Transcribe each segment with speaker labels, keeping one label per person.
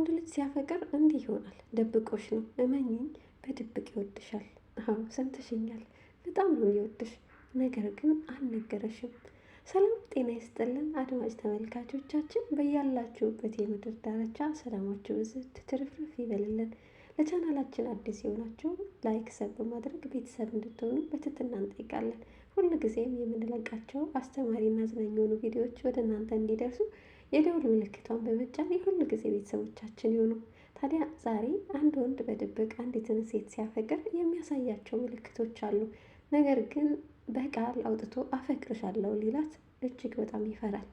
Speaker 1: ወንድ ልጅ ሲያፈቅር እንዲህ ይሆናል። ደብቆሽ ነው፣ እመኝኝ፣ በድብቅ ይወድሻል። አዎ ሰምተሽኛል፣ በጣም ነው የሚወድሽ፣ ነገር ግን አልነገረሽም። ሰላም ጤና ይስጥልን አድማጭ ተመልካቾቻችን፣ በያላችሁበት የምድር ዳርቻ ሰላማችሁ ብዝት ትርፍርፍ ይበልልን። ለቻናላችን አዲስ የሆናችሁ ላይክ ሰብ በማድረግ ቤተሰብ እንድትሆኑ በትህትና እንጠይቃለን። ጊዜም የምንለቃቸው አስተማሪና አዝናኝ የሆኑ ቪዲዮዎች ወደ እናንተ እንዲደርሱ የደውል ምልክቷን በመጫን የሁሉ ጊዜ ቤተሰቦቻችን ይሆኑ። ታዲያ ዛሬ አንድ ወንድ በድብቅ አንዲትን ሴት ሲያፈቅር የሚያሳያቸው ምልክቶች አሉ። ነገር ግን በቃል አውጥቶ አፈቅርሻለሁ ሊላት እጅግ በጣም ይፈራል።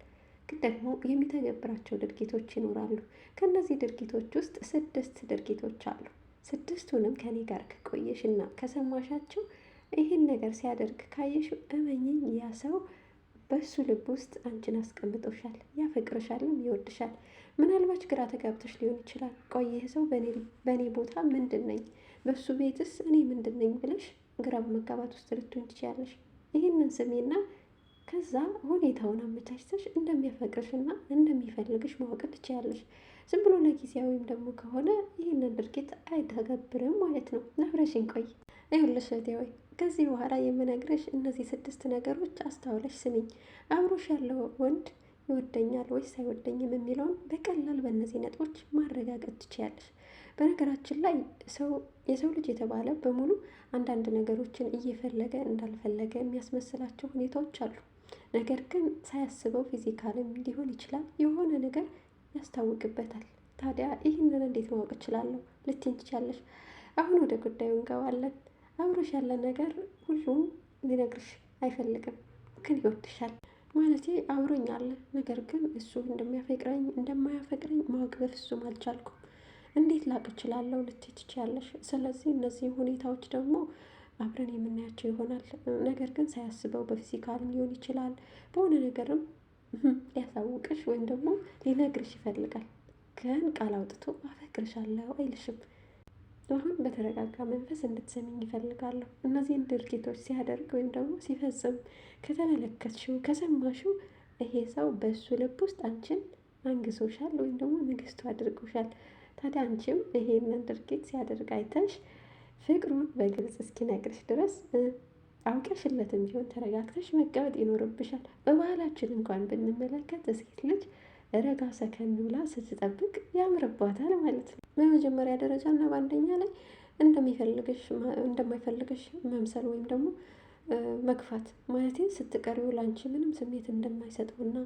Speaker 1: ግን ደግሞ የሚተገብራቸው ድርጊቶች ይኖራሉ። ከእነዚህ ድርጊቶች ውስጥ ስድስት ድርጊቶች አሉ። ስድስቱንም ከኔ ጋር ከቆየሽና ከሰማሻቸው ይህን ነገር ሲያደርግ ካየሽ እመኝኝ ያ ሰው በእሱ ልብ ውስጥ አንቺን አስቀምጦሻል፣ ያፈቅርሻልም ይወድሻል። ምናልባች ግራ ተጋብተሽ ሊሆን ይችላል። ቆይህ ሰው በእኔ ቦታ ምንድን ነኝ፣ በእሱ ቤትስ እኔ ምንድን ነኝ ብለሽ ግራ በመጋባት ውስጥ ልትሆን ትችያለሽ። ይህንን ስሜና ከዛ ሁኔታውን አመቻችተሽ እንደሚያፈቅርሽና እንደሚፈልግሽ ማወቅ ትችያለሽ። ዝም ብሎ ለጊዜያዊም ደግሞ ከሆነ ይህንን ድርጊት አይተገብርም ማለት ነው። ነፍረሽን ቆይ ይኸውልሽ እህቴ ከዚህ በኋላ የምነግርሽ እነዚህ ስድስት ነገሮች አስተውለሽ ስሚኝ። አብሮሽ ያለው ወንድ ይወደኛል ወይስ አይወደኝም የሚለውን በቀላል በእነዚህ ነጥቦች ማረጋገጥ ትችያለሽ። በነገራችን ላይ የሰው ልጅ የተባለ በሙሉ አንዳንድ ነገሮችን እየፈለገ እንዳልፈለገ የሚያስመስላቸው ሁኔታዎች አሉ። ነገር ግን ሳያስበው ፊዚካልም ሊሆን ይችላል የሆነ ነገር ያስታውቅበታል። ታዲያ ይህንን እንዴት ማወቅ እችላለሁ ልትኝ ትችያለሽ። አሁን ወደ ጉዳዩ እንገባለን። አብሮሽ ያለ ነገር ሁሉም ሊነግርሽ አይፈልግም፣ ግን ይወድሻል። ማለት አብሮኝ አለ፣ ነገር ግን እሱ እንደሚያፈቅረኝ እንደማያፈቅረኝ ማወቅ በፍጹም አልቻልኩም። እንዴት ላቅ እችላለሁ ልትይ ትችያለሽ። ስለዚህ እነዚህ ሁኔታዎች ደግሞ አብረን የምናያቸው ይሆናል። ነገር ግን ሳያስበው በፊዚካልም ሊሆን ይችላል በሆነ ነገርም ሊያሳውቅሽ ወይም ደግሞ ሊነግርሽ ይፈልጋል። ግን ቃል አውጥቶ አፈቅርሻለሁ አይልሽም። አሁን በተረጋጋ መንፈስ እንድትሰሚኝ ይፈልጋለሁ። እነዚህን ድርጊቶች ሲያደርግ ወይም ደግሞ ሲፈጽም ከተመለከትሽው፣ ከሰማሽው ይሄ ሰው በእሱ ልብ ውስጥ አንቺን አንግሶሻል ወይም ደግሞ ንግስቱ አድርጎሻል። ታዲያ አንቺም ይሄንን ድርጊት ሲያደርግ አይተሽ ፍቅሩን በግልጽ እስኪነግርሽ ድረስ አውቀሽለትም ቢሆን ተረጋግተሽ መቀመጥ ይኖርብሻል። በባህላችን እንኳን ብንመለከት ሴት ልጅ ረጋ ሰከን ብላ ስትጠብቅ ያምርባታል ማለት ነው። በመጀመሪያ ደረጃ እና በአንደኛ ላይ እንደማይፈልግሽ መምሰል ወይም ደግሞ መግፋት ማለት ስትቀሪው ለአንቺ ምንም ስሜት እንደማይሰጠውና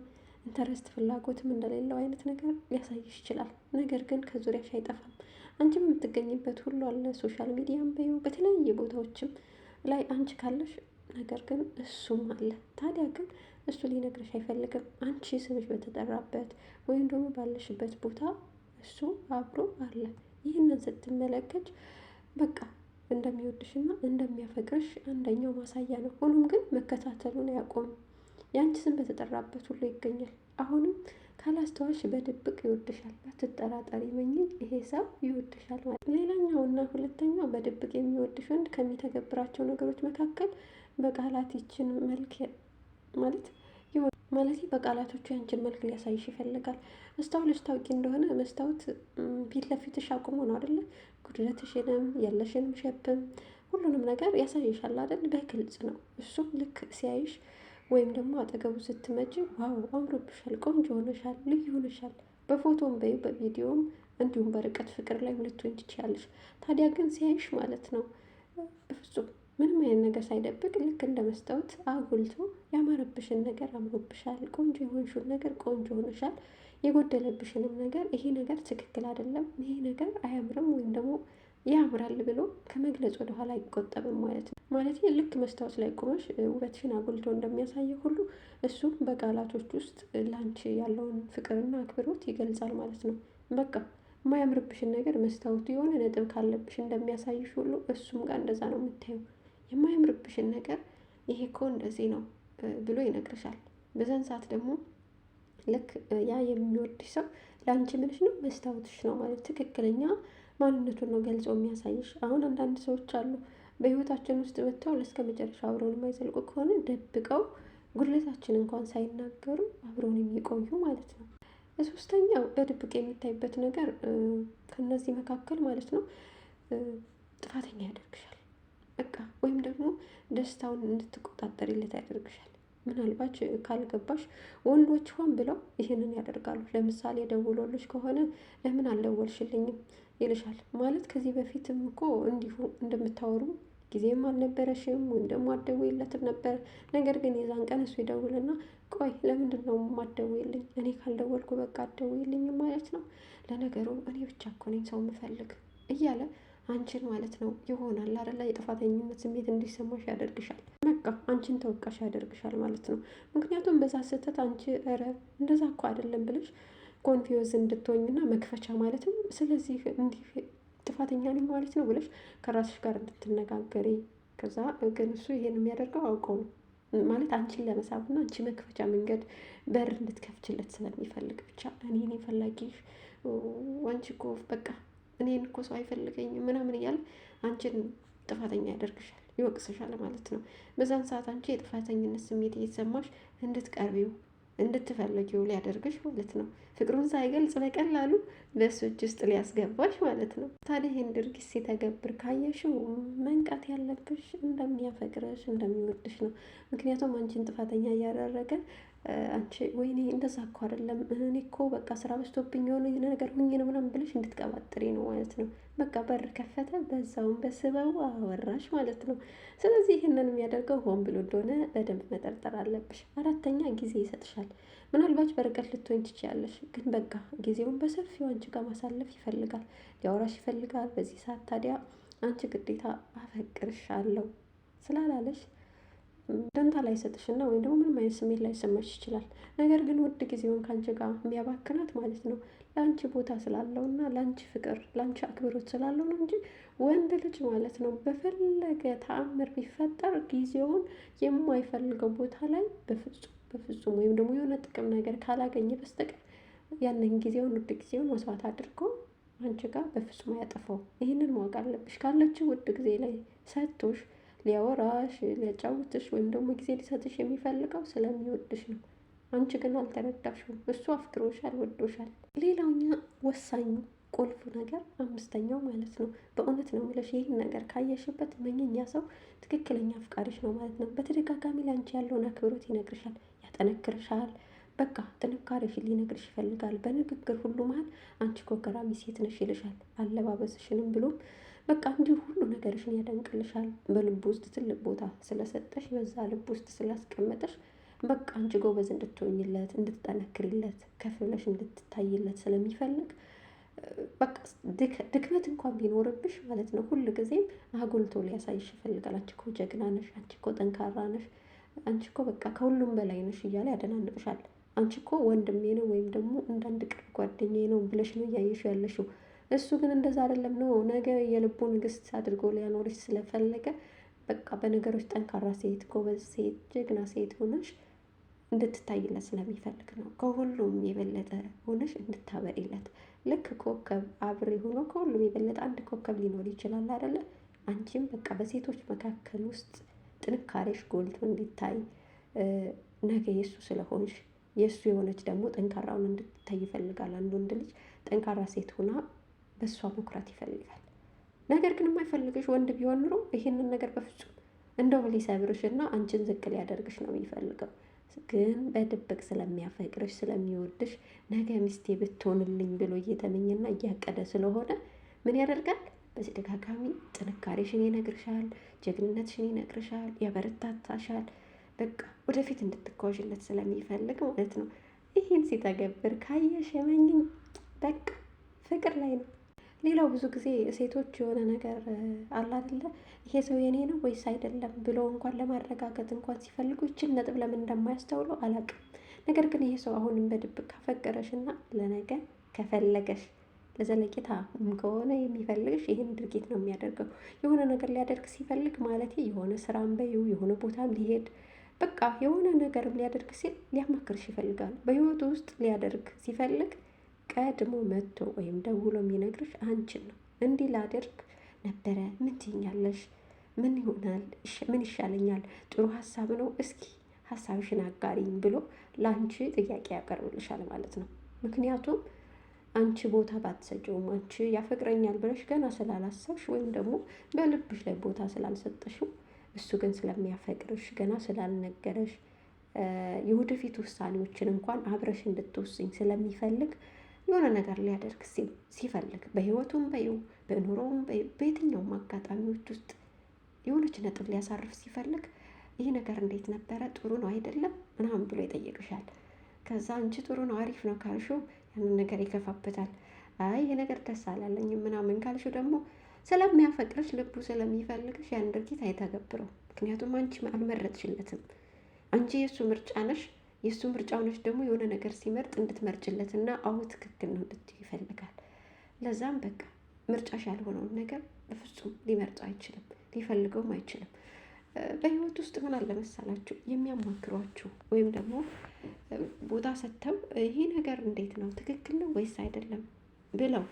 Speaker 1: ኢንተረስት ፍላጎትም እንደሌለው አይነት ነገር ሊያሳይሽ ይችላል። ነገር ግን ከዙሪያሽ አይጠፋም። አንቺ የምትገኝበት ሁሉ አለ ሶሻል ሚዲያም በዩ በተለያየ ቦታዎችም ላይ አንቺ ካለሽ ነገር ግን እሱም አለ። ታዲያ ግን እሱ ሊነግርሽ አይፈልግም። አንቺ ስምሽ በተጠራበት ወይም ደግሞ ባለሽበት ቦታ እሱ አብሮ አለ። ይህንን ስትመለከች በቃ እንደሚወድሽና እንደሚያፈቅርሽ አንደኛው ማሳያ ነው። ሆኖም ግን መከታተሉን አያቆምም። የአንቺ ስም በተጠራበት ሁሉ ይገኛል። አሁንም ካላስተዋሽ በድብቅ ይወድሻል። አትጠራጠሪ መኝ ይሄ ሰው ይወድሻል ማለት። ሌላኛው እና ሁለተኛው በድብቅ የሚወድሽ ወንድ ከሚተገብራቸው ነገሮች መካከል በቃላት ይችን መልክ ማለት ማለት በቃላቶቹ ያንችን መልክ ሊያሳይሽ ይፈልጋል። መስታወት ታውቂ እንደሆነ መስታወት ፊት ለፊትሽ አቁሞ ነው አደለ? ጉድለትሽንም ያለሽንም ሸብም ሁሉንም ነገር ያሳይሻል አደል? በግልጽ ነው እሱም ልክ ሲያይሽ ወይም ደግሞ አጠገቡ ስትመጪ ዋው አምሮብሻል፣ ቆንጆ ሆነሻል፣ ልዩ ሆነሻል፣ በፎቶም በይ በቪዲዮም እንዲሁም በርቀት ፍቅር ላይ ሁለቱን ትችያለሽ። ታዲያ ግን ሲያይሽ ማለት ነው በፍጹም ምንም አይነት ነገር ሳይደብቅ ልክ እንደ መስታወት አጉልቶ ያማረብሽን ነገር አምሮብሻል፣ ቆንጆ የሆንሽን ነገር ቆንጆ ሆነሻል፣ የጎደለብሽንም ነገር ይሄ ነገር ትክክል አይደለም፣ ይሄ ነገር አያምርም ወይም ደግሞ ያምራል ብሎ ከመግለጽ ወደኋላ አይቆጠብም ማለት ነው። ማለት ልክ መስታወት ላይ ቁመሽ ውበትሽን አጉልቶ እንደሚያሳየ ሁሉ እሱም በቃላቶች ውስጥ ለአንቺ ያለውን ፍቅርና አክብሮት ይገልጻል ማለት ነው። በቃ የማያምርብሽን ነገር መስታወቱ የሆነ ነጥብ ካለብሽ እንደሚያሳይሽ ሁሉ እሱም ጋር እንደዛ ነው የምታየው። የማያምርብሽን ነገር ይሄ እኮ እንደዚህ ነው ብሎ ይነግርሻል። በዛን ሰዓት ደግሞ ልክ ያ የሚወድሽ ሰው ለአንቺ ምንሽ ነው? መስታወትሽ ነው ማለት ትክክለኛ ማንነቱን ነው ገልጾ የሚያሳይሽ። አሁን አንዳንድ ሰዎች አሉ በህይወታችን ውስጥ መጥተው እስከ መጨረሻ አብረውን የማይዘልቁ ከሆነ ደብቀው ጉድለታችን እንኳን ሳይናገሩ አብረውን የሚቆዩ ማለት ነው። ሶስተኛው በድብቅ የሚታይበት ነገር ከነዚህ መካከል ማለት ነው ጥፋተኛ ያደርግሻል። በቃ ወይም ደግሞ ደስታውን እንድትቆጣጠሪለት ያደርግሻል። ምናልባች ካልገባሽ ወንዶች ሆን ብለው ይህንን ያደርጋሉ። ለምሳሌ ደውሎልሽ ከሆነ ለምን አልደወልሽልኝም ይልሻል። ማለት ከዚህ በፊትም እኮ እንዲሁ እንደምታወሩ ጊዜም አልነበረሽም ወይም ደግሞ አትደውይለትም ነበር። ነገር ግን የዛን ቀን እሱ ይደውልና ቆይ ለምንድን ነው የማትደውይልኝ? እኔ ካልደወልኩ በቃ አትደውይልኝም ማለት ነው። ለነገሩ እኔ ብቻ እኮ ነኝ ሰው የምፈልግ እያለ አንቺን ማለት ነው ይሆናል አይደለ የጥፋተኝነት ስሜት እንዲሰማሽ ያደርግሻል። በቃ አንቺን ተወቃሽ ያደርግሻል ማለት ነው። ምክንያቱም በዛ ስህተት አንቺ ኧረ እንደዛ እኮ አይደለም ብለሽ ኮንፊውዝ እንድትሆኝና መክፈቻ ማለትም ስለዚህ እንዲህ ጥፋተኛ ነኝ ማለት ነው ብለሽ ከራስሽ ጋር እንድትነጋገሪ። ከዛ ግን እሱ ይሄን የሚያደርገው አውቀው ነው ማለት አንቺን ለመሳብና አንቺ መክፈቻ መንገድ በር እንድትከፍችለት ስለሚፈልግ ብቻ እኔ እኔ ፈላጊሽ አንቺ እኮ በቃ እኔን እኮ ሰው አይፈልገኝም ምናምን እያለ አንቺን ጥፋተኛ ያደርግሻል፣ ይወቅስሻል ማለት ነው። በዛን ሰዓት አንቺ የጥፋተኝነት ስሜት እየተሰማሽ እንድትቀርቢው እንድትፈልጊው ሊያደርግሽ ማለት ነው። ፍቅሩን ሳይገልጽ በቀላሉ በእሱ እጅ ውስጥ ሊያስገባሽ ማለት ነው። ታዲያ ይህን ድርጊት ሲተገብር ካየሽው መንቃት ያለብሽ እንደሚያፈቅረሽ እንደሚወድሽ ነው። ምክንያቱም አንቺን ጥፋተኛ እያደረገ አንቺ ወይኔ እንደዛ እኮ አይደለም እኔ እኮ በቃ ስራ በዝቶብኝ የሆነ ነገር ሁኝ ነው ምናምን ብለሽ እንድትቀባጥሪ ነው ማለት ነው። በቃ በር ከፈተ፣ በዛውን በስበቡ አወራሽ ማለት ነው። ስለዚህ ይህንን የሚያደርገው ሆን ብሎ እንደሆነ በደንብ መጠርጠር አለብሽ። አራተኛ ጊዜ ይሰጥሻል። ምናልባት በርቀት ልትሆኝ ትችያለሽ፣ ግን በቃ ጊዜውን በሰፊው አንቺ ጋር ማሳለፍ ይፈልጋል፣ ሊያወራሽ ይፈልጋል። በዚህ ሰዓት ታዲያ አንቺ ግዴታ አፈቅርሻለሁ ስላላለሽ ደንታ ላይ ሰጥሽና ወይም ደግሞ ምንም አይነት ስሜት ላይ ሰማሽ ይችላል። ነገር ግን ውድ ጊዜውን ከአንቺ ጋር የሚያባክናት ማለት ነው ለአንቺ ቦታ ስላለውና ለአንቺ ፍቅር ለአንቺ አክብሮት ስላለው ነው እንጂ ወንድ ልጅ ማለት ነው በፈለገ ተአምር ቢፈጠር ጊዜውን የማይፈልገው ቦታ ላይ በፍጹም በፍጹም ወይም ደግሞ የሆነ ጥቅም ነገር ካላገኘ በስተቀር ያንን ጊዜውን ውድ ጊዜውን መስዋዕት አድርጎ አንቺ ጋር በፍጹም አያጠፋው። ይህንን ማወቅ አለብሽ። ካለችው ውድ ጊዜ ላይ ሰጥቶሽ ሊያወራሽ ሊያጫውትሽ ወይም ደግሞ ጊዜ ሊሰጥሽ የሚፈልገው ስለሚወድሽ ነው። አንቺ ግን አልተረዳሽም። እሱ አፍቅሮሻል፣ ወዶሻል። ሌላውኛ ወሳኙ ቁልፉ ነገር አምስተኛው ማለት ነው። በእውነት ነው የምልሽ፣ ይህን ነገር ካየሽበት መኝኛ ሰው ትክክለኛ አፍቃሪሽ ነው ማለት ነው። በተደጋጋሚ ለአንቺ ያለውን አክብሮት ይነግርሻል፣ ያጠነክርሻል። በቃ ጥንካሬሽን ሊነግርሽ ይፈልጋል። በንግግር ሁሉ መሀል አንቺ ኮ ገራሚ ሴት ነሽ ይልሻል። አለባበስሽንም ብሎም በቃ እንዲሁ ሁሉ ነገርሽን ያደንቅልሻል። በልብ ውስጥ ትልቅ ቦታ ስለሰጠሽ፣ በዛ ልብ ውስጥ ስላስቀመጠሽ በቃ አንቺ ጎበዝ እንድትሆኝለት፣ እንድትጠነክሪለት፣ ከፍ ብለሽ እንድትታይለት ስለሚፈልግ በቃ ድክመት እንኳን ቢኖርብሽ ማለት ነው ሁሉ ጊዜም አጉልቶ ሊያሳይሽ ይፈልጋል። አንቺ እኮ ጀግና ነሽ፣ አንቺ እኮ ጠንካራ ነሽ፣ አንቺ እኮ በቃ ከሁሉም በላይ ነሽ እያለ ያደናንቅሻል። አንቺ እኮ ወንድሜ ነው ወይም ደግሞ እንዳንድ ቅርብ ጓደኛ ነው ብለሽ ነው እያየሽ ያለሽው። እሱ ግን እንደዛ አይደለም ነው። ነገ የልቡ ንግስት አድርጎ ሊያኖርሽ ስለፈለገ በቃ በነገሮች ጠንካራ ሴት፣ ጎበዝ ሴት፣ ጀግና ሴት ሆነሽ እንድትታይለት ስለሚፈልግ ነው። ከሁሉም የበለጠ ሆነሽ እንድታበሪለት። ልክ ኮከብ አብሬ ሆኖ ከሁሉም የበለጠ አንድ ኮከብ ሊኖር ይችላል አይደለ? አንቺም በቃ በሴቶች መካከል ውስጥ ጥንካሬሽ ጎልቶ እንዲታይ ነገ የእሱ ስለሆንሽ የእሱ የሆነች ደግሞ ጠንካራውን እንድትታይ ይፈልጋል። አንድ ወንድ ልጅ ጠንካራ ሴት ሆና በእሷ መኩራት ይፈልጋል። ነገር ግን የማይፈልግሽ ወንድ ቢሆን ኑሮ ይህንን ነገር በፍጹም እንደው ሊሰብርሽ እና አንቺን ዝቅ ሊያደርግሽ ነው የሚፈልገው። ግን በድብቅ ስለሚያፈቅርሽ ስለሚወድሽ፣ ነገ ሚስቴ ብትሆንልኝ ብሎ እየተመኘና እያቀደ ስለሆነ ምን ያደርጋል? በተደጋጋሚ ጥንካሬሽን ይነግርሻል፣ ጀግንነትሽን ይነግርሻል፣ ያበረታታሻል። በቃ ወደፊት እንድትጓዥለት ስለሚፈልግ ማለት ነው። ይህን ሲተገብር ካየሽ የመኝኝ በቃ ፍቅር ላይ ነው። ሌላው ብዙ ጊዜ ሴቶች የሆነ ነገር አለ አይደለ፣ ይሄ ሰው የኔ ነው ወይስ አይደለም ብሎ እንኳን ለማረጋገጥ እንኳን ሲፈልጉ ይችን ነጥብ ለምን እንደማያስተውሉ አላውቅም። ነገር ግን ይሄ ሰው አሁንም በድብቅ ካፈቀረሽ እና ለነገ ከፈለገሽ ለዘለቂታ ከሆነ የሚፈልግሽ ይህን ድርጊት ነው የሚያደርገው። የሆነ ነገር ሊያደርግ ሲፈልግ ማለት የሆነ ስራም በይው የሆነ ቦታም ሊሄድ በቃ የሆነ ነገርም ሊያደርግ ሲል ሊያማክርሽ ይፈልጋል። በህይወቱ ውስጥ ሊያደርግ ሲፈልግ ቀድሞ መጥቶ ወይም ደውሎ የሚነግርሽ አንቺን ነው። እንዲህ ላደርግ ነበረ፣ ምን ትይኛለሽ? ምን ይሆናል? ምን ይሻለኛል? ጥሩ ሀሳብ ነው፣ እስኪ ሀሳብሽን አጋሪኝ ብሎ ለአንቺ ጥያቄ ያቀርብልሻል ማለት ነው። ምክንያቱም አንቺ ቦታ ባትሰጪውም አንቺ ያፈቅረኛል ብለሽ ገና ስላላሰብሽ ወይም ደግሞ በልብሽ ላይ ቦታ ስላልሰጠሽው እሱ ግን ስለሚያፈቅርሽ ገና ስላልነገረሽ የወደፊት ውሳኔዎችን እንኳን አብረሽ እንድትወስኝ ስለሚፈልግ የሆነ ነገር ሊያደርግ ሲፈልግ በህይወቱም በይው በኑሮውም በየትኛውም አጋጣሚዎች ውስጥ የሆነች ነጥብ ሊያሳርፍ ሲፈልግ ይህ ነገር እንዴት ነበረ? ጥሩ ነው አይደለም ምናምን ብሎ ይጠይቅሻል። ከዛ አንቺ ጥሩ ነው አሪፍ ነው ካልሽው ያንን ነገር ይገፋበታል። አይ ይሄ ነገር ደስ አላለኝም ምናምን ካልሽው ደግሞ ስለሚያፈቅርሽ ልቡ ስለሚፈልግሽ ያን ድርጊት አይተገብረው። ምክንያቱም አንቺ አልመረጥሽለትም። አንቺ የእሱ ምርጫ ነሽ። የእሱ ምርጫ ሆነች ደግሞ የሆነ ነገር ሲመርጥ እንድትመርጭለት እና አሁ ትክክል ነው እንድት ይፈልጋል። ለዛም በቃ ምርጫሽ ያልሆነውን ነገር በፍጹም ሊመርጠው አይችልም፣ ሊፈልገውም አይችልም። በህይወት ውስጥ ምን አለ የሚያማክሯችሁ ወይም ደግሞ ቦታ ሰጥተው ይሄ ነገር እንዴት ነው ትክክል ነው ወይስ አይደለም ብለው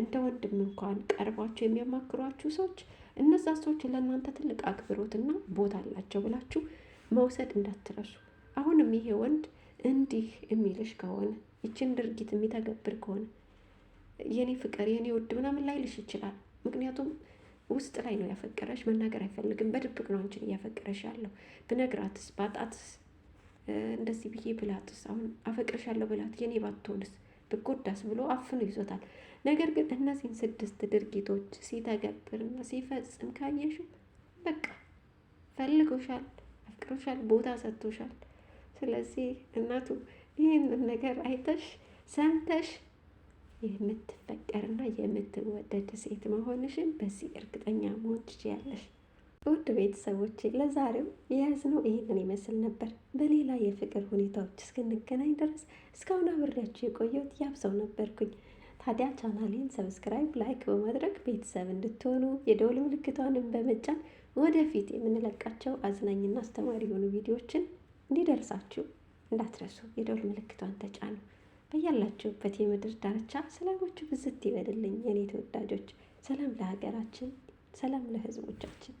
Speaker 1: እንደ ወንድም እንኳን ቀርቧቸው የሚያማክሯችሁ ሰዎች እነዛ ሰዎች ለእናንተ ትልቅ አክብሮትና ቦታ አላቸው ብላችሁ መውሰድ እንዳትረሱ። አሁንም ይሄ ወንድ እንዲህ የሚልሽ ከሆነ ይችን ድርጊት የሚተገብር ከሆነ የኔ ፍቅር የኔ ውድ ምናምን ላይልሽ ይችላል። ምክንያቱም ውስጥ ላይ ነው ያፈቀረሽ፣ መናገር አይፈልግም። በድብቅ ነው አንቺን እያፈቀረሽ ያለው። ብነግራትስ፣ ባጣትስ፣ እንደዚህ ብዬ ብላትስ፣ አሁን አፈቅርሻለሁ ብላት የኔ ባትሆንስ፣ ብጎዳስ ብሎ አፍኖ ይዞታል። ነገር ግን እነዚህን ስድስት ድርጊቶች ሲተገብርና ሲፈጽም ካየሽው በቃ ፈልጎሻል፣ አፍቅሮሻል፣ ቦታ ሰጥቶሻል። ስለዚህ እናቱ ይህንን ነገር አይተሽ ሰምተሽ የምትፈቀርና የምትወደድ ሴት መሆንሽን በዚህ እርግጠኛ መሆን ትችያለሽ። ውድ ቤተሰቦች ለዛሬው የያዝነው ይህንን ይመስል ነበር። በሌላ የፍቅር ሁኔታዎች እስክንገናኝ ድረስ እስካሁን አብሬያችሁ የቆየሁት ያብሰው ነበርኩኝ። ታዲያ ቻናሌን ሰብስክራይብ፣ ላይክ በማድረግ ቤተሰብ እንድትሆኑ የደውል ምልክቷንም በመጫን ወደፊት የምንለቃቸው አዝናኝና አስተማሪ የሆኑ ቪዲዮዎችን እንዲደርሳችሁ እንዳትረሱ የደውል ምልክቷን ተጫኑ። በያላችሁበት የምድር ዳርቻ ሰላማችሁ ብዝት ይበልልኝ የኔ ተወዳጆች። ሰላም ለሀገራችን፣ ሰላም ለሕዝቦቻችን።